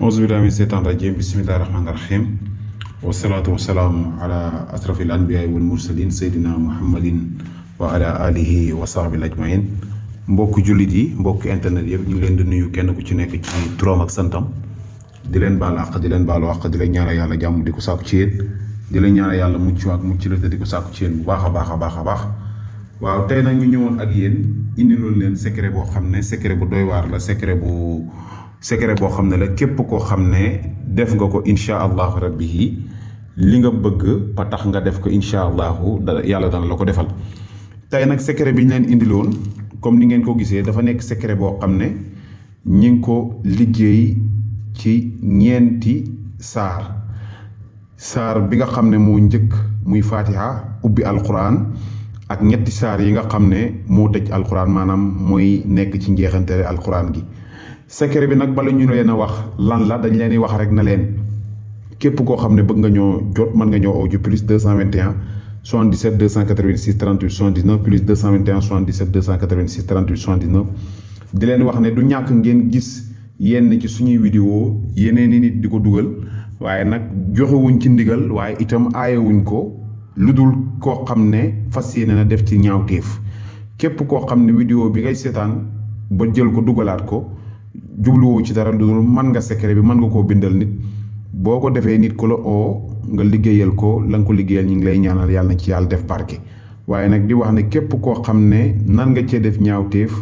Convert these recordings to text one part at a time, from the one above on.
auzu billahi min seytaan rajim bismillahi rahmaani rahim wasalaatu wasalaamu ala asrafil anbiyaay wal mursalin seydina muhammadin wa ala alihi wa sahbil ajmain mbokk jullit yi mbokk internet yëpp ñu ngi leen di nuyu kenn ku ci nekk ci turam ak santam di leen baal àq di leen baalu àq di leen ñaanal yàlla jàmm di ko sàkku ci yéen di leen ñaanal yàlla mucc ak mucc la te di ko sàkku ci yéen bu baax a baax a baax a baax waaw tey nag ñu ñëwoon ak yéen indi loolu leen secret boo xam ne secret bu doy waar la secret secret boo xam ne la képp koo xam ne def nga ko incha allahu rabbi li nga bëgg patax nga def ko incha allahu da yàlla dana la ko defal. tey nag secret bi ñu leen indiloon comme ni ngeen ko gisee dafa nekk secret boo xam ne ñi ngi ko liggéey ci ñeenti saar saar bi nga xam ne moo njëkk muy fatiha ubbi alxuraan ak ñetti saar yi nga xam ne moo tëj alquran maanaam mooy nekk ci njeexantale alquran gi secret bi nag bala ñu leen a wax lan la dañ leen di wax rek na leen képp koo xam ne bëgg nga ñoo jot mën nga ñoo oo ju plus 221 77 286 38 79 plus 221 77 286 38 79 di leen wax ne du ñàkk ngeen gis yenn ci suñuy vidéo yeneen i nit di ko dugal waaye nag joxewuñ ci ndigal waaye itam aayewuñ ko lu dul koo xam ne fas yéene na def ci ñaaw ñaawteef képp koo xam ne vidéo bi ngay seetaan ba jël ko dugalaat ko jubluwu ci dara dul man nga secret bi man nga koo bindal nit boo ko defee nit ku la oo nga liggéeyal ko la nga ko liggéeyal ñu ngi lay ñaanal yàlla na ci yàlla def barke waaye nag di wax ne képp koo xam ne nan cee def ñaawteef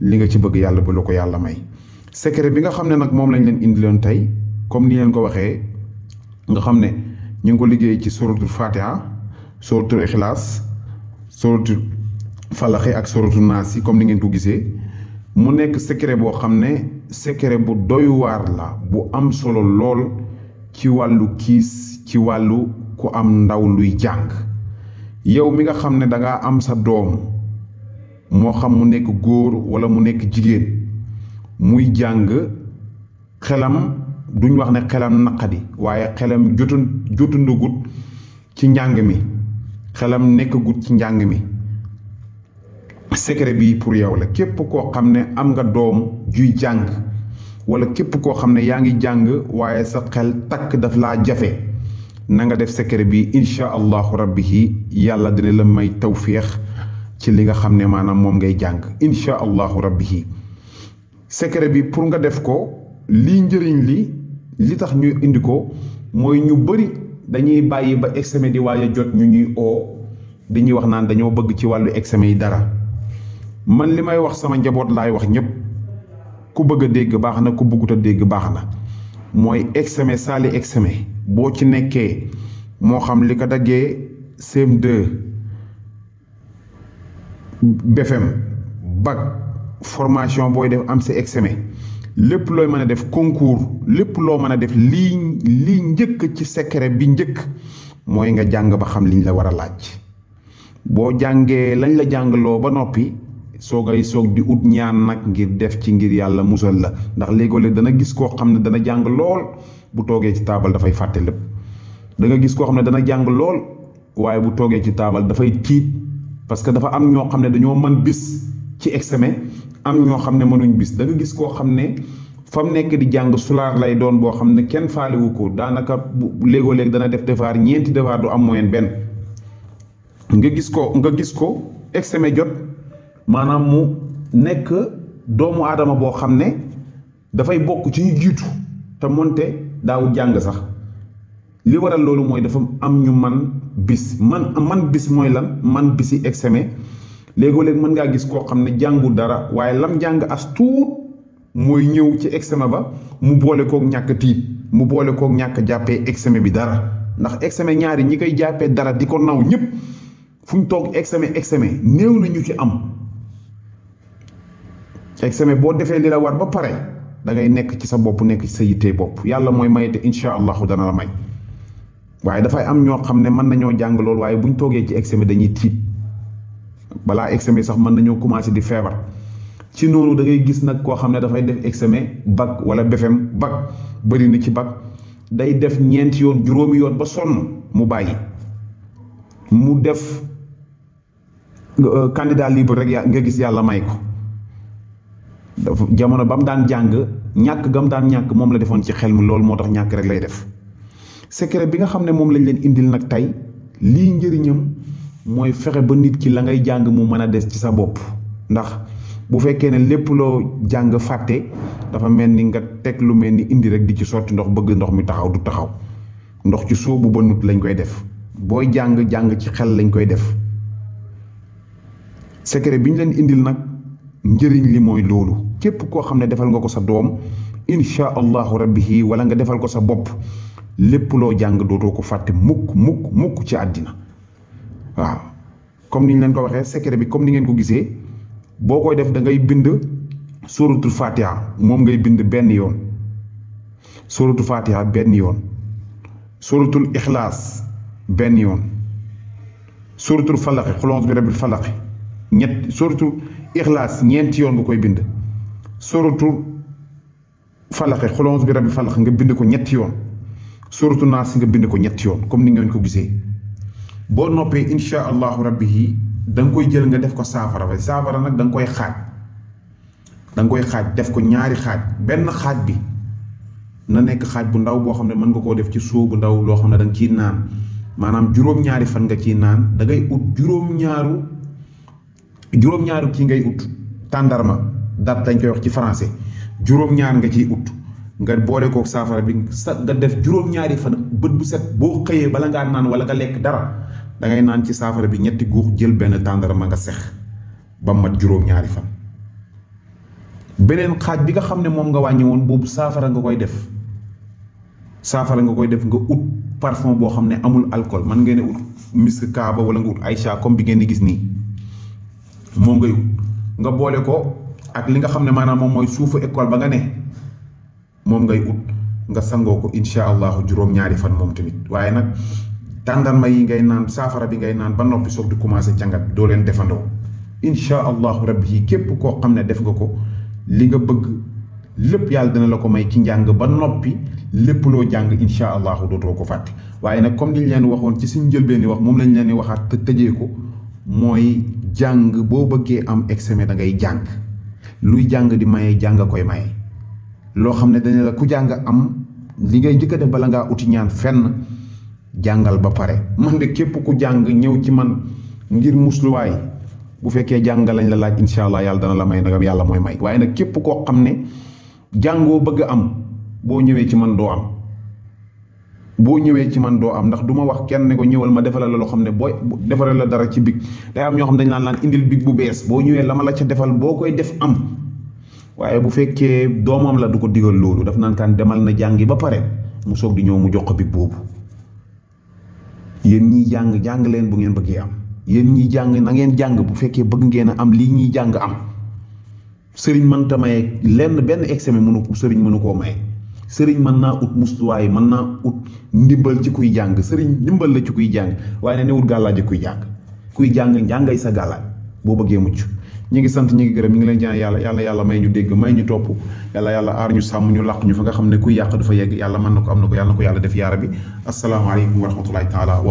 li nga ci bëgg yàlla bu ko yàlla may secret bi nga xam ne nag moom lañ leen indi indiloon tey comme li leen ko waxee nga xam ne ñu ngi ko liggéey ci suratul fatiha suratul ixlaas suratul falaxe ak suratul naas yi comme ni ngeen ko gisee mu nekk secret boo xam ne secret bu doyuwaar la bu am solo lool ci wàllu kiis ci wàllu ku am ndaw luy jàng yow mi nga xam ne danga am sa doom moo xam mu nekk góor wala mu nekk jigéen muy jàng xelam duñ wax ne xelam naqadi waaye xelam jotun jotundagut ci njàng mi xelam nekkagut ci njàng mi secret bii pour yow la képp koo xam ne am nga doom juy jàng wala képp koo xam ne yaa ngi jàng waaye sa xel takk daf laa jafe na nga def secret bi incha allahu rabbihi yàlla dina la may tawféex ci li nga xam ne maanaam moom ngay jàng incha rabbi rabbihi secret bi pour nga def ko lii njëriñ li li tax ñu indi ko mooy ñu bëri dañuy bàyyi ba examen di waaj jot ñu ñuy oo ñuy wax naan dañoo bëgg ci wàllu examen yi dara man li may wax sama njaboot laay wax ñëpp ku bëgg a dégg baax na ku bëggut a dégg baax na mooy exeme saali examen boo ci nekkee moo xam li ko daggee CM2 BFM bac formation booy def am si examen lépp looy mën a def concours lépp loo mën a def lii lii njëkk ci secret bi njëkk mooy nga jàng ba xam li la war a laaj boo jàngee lañ la jàngloo ba noppi soogay soog di ut ñaan nag ngir def ci ngir yàlla musal la ndax léegoo-léeg dana gis koo xam ne dana jàng lool bu toogee ci taabal dafay fàtte da nga gis koo xam ne dana jàng lool waaye bu toogee ci taabal dafay tiit parce que dafa am ñoo xam ne dañoo man bis ci examen am ñoo xam ne mënuñ bis da gis koo xam ne fa mu nekk di jàng sulaar lay doon boo xam ne kenn faalewu ko daanaka bu léegoo-léeg dana def devoir ñeenti devoir du am moyen benn nga gis ko nga gis ko examen jot maanaam mu nekk doomu aadama boo xam ne dafay bokk ci ñu jiitu te moonte daawul jàng sax li waral loolu mooy dafa am ñu man bis man man bis mooy lan man bisi examen léegoo-léeg mën ngaa gis koo xam ne jàngul dara waaye lam jàng as tuut mooy ñëw ci examen ba mu boole kook ñàkk tiit mu boole kook ñàkk jàppee examen bi dara ndax examen ñaari ñi koy jàppee dara di ko naw ñëpp fu ñu toog examen examen néew na ci am examen boo defee li la war ba pare dangay nekk ci sa bopp nekk ci sa yittee bopp yàlla mooy may te incha allahu dana la may waaye dafay am ñoo xam ne mën nañoo jàng loolu waaye bu ñu toogee ci examen dañuy tiit balaa examen sax mën nañoo commencé di feebar ci noonu dangay gis nag koo xam ne dafay def examen bac wala BFEM bac bëri na ci bag day def ñeenti yoon juróomi yoon ba sonn mu bàyyi mu def euh, candidat libre rek yaa nga gis yàlla may ko. jamono ba mu daan jàng ñàkk gam daan ñàkk moom la defoon ci xel mi loolu moo tax ñàkk rek lay def secret bi nga xam ne moom lañ leen indil nag tey lii njëriñam mooy fexe ba nit ki la ngay jàng mu mën a des ci sa bopp ndax bu fekkee ne lépp loo jàng fàtte dafa mel ni nga teg lu mel indi rek di ci sotti ndox bëgg ndox mi taxaw du taxaw ndox ci soobu ba nut lañ koy def booy jàng jàng ci xel lañ koy def secret bi ñu leen indil nag. njëriñ li moy lolu kep ko xamne defal nga ko sa dom insha allah rabbihi wala nga defal ko sa bop lépp lo jàng dootoo ko fàtte muk muk muk ci adina wa comme niñ len ko waxe secret bi comme ni ngeen ko gisee bokoy def da ngay bind suratul fatiha mom ngay bind ben yon suratul fatiha ben yon suratul ikhlas ben yon suratul falaqi xulons bi rabbil falaq ñett suratu ixlaas ñeenti yoon nga koy bind suratu falaxe xolons bi rabbi falax nga bind ko ñetti yoon suratu naas nga bind ko ñetti yoon comme ni ngeen ko gisee boo noppee incha allahu rabbi yi da nga koy jël nga def ko saafara ba saafara nag danga koy xaaj da koy xaaj def ko ñaari xaaj benn xaaj bi na nekk xaaj bu ndaw boo xam ne mën nga koo def ci soo bu ndaw loo xam ne da nga ciy naan maanaam juróom-ñaari fan nga ciy naan da ut juróom juróom ñaaru ki ngay ut tandarma dat lañ koy wax ci français juróom ñaar nga ci ut nga boole ko safara bi nga def juróom ñaari fan beut bu set bo xeye bala nga nan wala nga lek dara da ngay nan ci safara bi ñetti guux jël ben tandarma nga sex ba mat juróom ñaari fan benen xaj bi nga xamne mom nga wañi won safara nga koy def safara nga koy def nga ut parfum bo xamne amul alcool man ngeen ut misk kaaba wala nga ut aisha comme bi ngeen gis ni moom ngay wut nga boole ko ak li nga xam ne maanaam moom mooy suufu école ba nga ne moom ngay ut nga sangoo ko incha allahu juróom-ñaari fan moom tamit waaye nag tàndarma yi ngay naan saafara bi ngay naan ba noppi soog di commencé jàngat doo leen defandoo incha allahu rabbi yi képp koo xam ne def nga ko li nga bëgg lépp yàlla dina la ko may ci njàng ba noppi lépp loo jàng incha allahu dootoo ko fàtte waaye nag comme liñ leen waxoon ci suñ njëlbeen di wax moom lañ leen di waxaat te tëjee ko. mooy jàng boo bëggee am examen da ngay jàng luy jàng di maye jàng koy may loo xam ne dañu la ku jàng am li ngay njëkk a def bala ngaa uti ñaan fenn jàngal ba pare man de képp ku jàng ñëw ci man ngir musluwaay bu fekkee jàng lañ la laaj incha allah yàlla dana la may ndagam yàlla mooy may waaye nag képp koo xam ne jàngoo bëgg am boo ñëwee ci man doo am boo ñëwee ci man doo am ndax du ma wax kenn ne ko ñëwal ma defalal la loo xam ne booy defaral la dara ci big day am ñoo xam dañ naan laan indil big bu bees boo ñëwee la ma la ca defal boo koy def am waaye bu fekkee doomam la du ko digal loolu daf naan demal na jàngi ba pare mu soog di ñëw mu jox ko big boobu yéen ñiy jàng jàng leen bu ngeen bëggee am yéen ñiy jàng na ngeen jàng bu fekkee bëgg ngeen a am lii ñuy jàng am sëriñ mënta maye lenn benn examen mënu sëriñ mënu koo maye. sëriñ man naa ut mustuwaay mën naa ut ndimbal ci kuy jàng sëriñ ndimbal la ci kuy jàng waaye ne newul gàllaaj kuy jàng kuy jàng njàngay sa gàllaaj boo bëggee mucc ñi ngi sant ñi ngi gërëm ñi ngi leen ñaan yàlla yàlla yàlla may ñu dégg may ñu topp yàlla yàlla aar ñu sàmm ñu làq ñu fa nga xam ne kuy yàq du fa yegg yàlla mën na ko am na ko yàlla ko yàlla def yaara bi asalaamaaleykum wa rahmatullahi taala